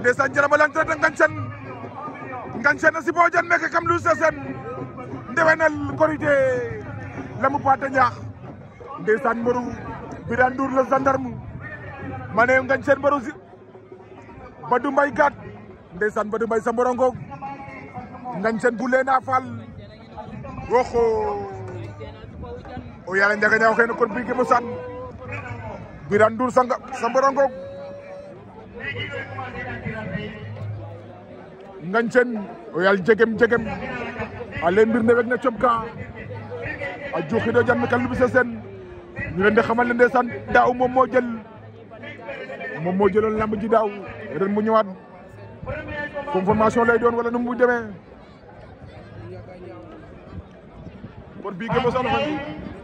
ndeysaan jaramalantata Gancan Gancan bo jan mereka kam Lul sen ndewenel koride, lamu pata ñaax ndeysaan birandur Birane Ndour le gendarme mané ne Gancan baru si Badou Mbaye gat ndeysaan Badou mbay sa mborongog Gancan oh, ya, bu leena fal waxo o yaala njaga ñaaw xene kon biige mo san sa morongo Ngañsen o yaal jegem jegem ale ne weg na cob ka a juuxido jam ka lubisa sen ñu leen di xamal ne daaw moom moo jël moom moo jëloon lamb ji daaw ren mu ñëwaat conformation lay doon wala nu mu demee kon bii gëmosaloxo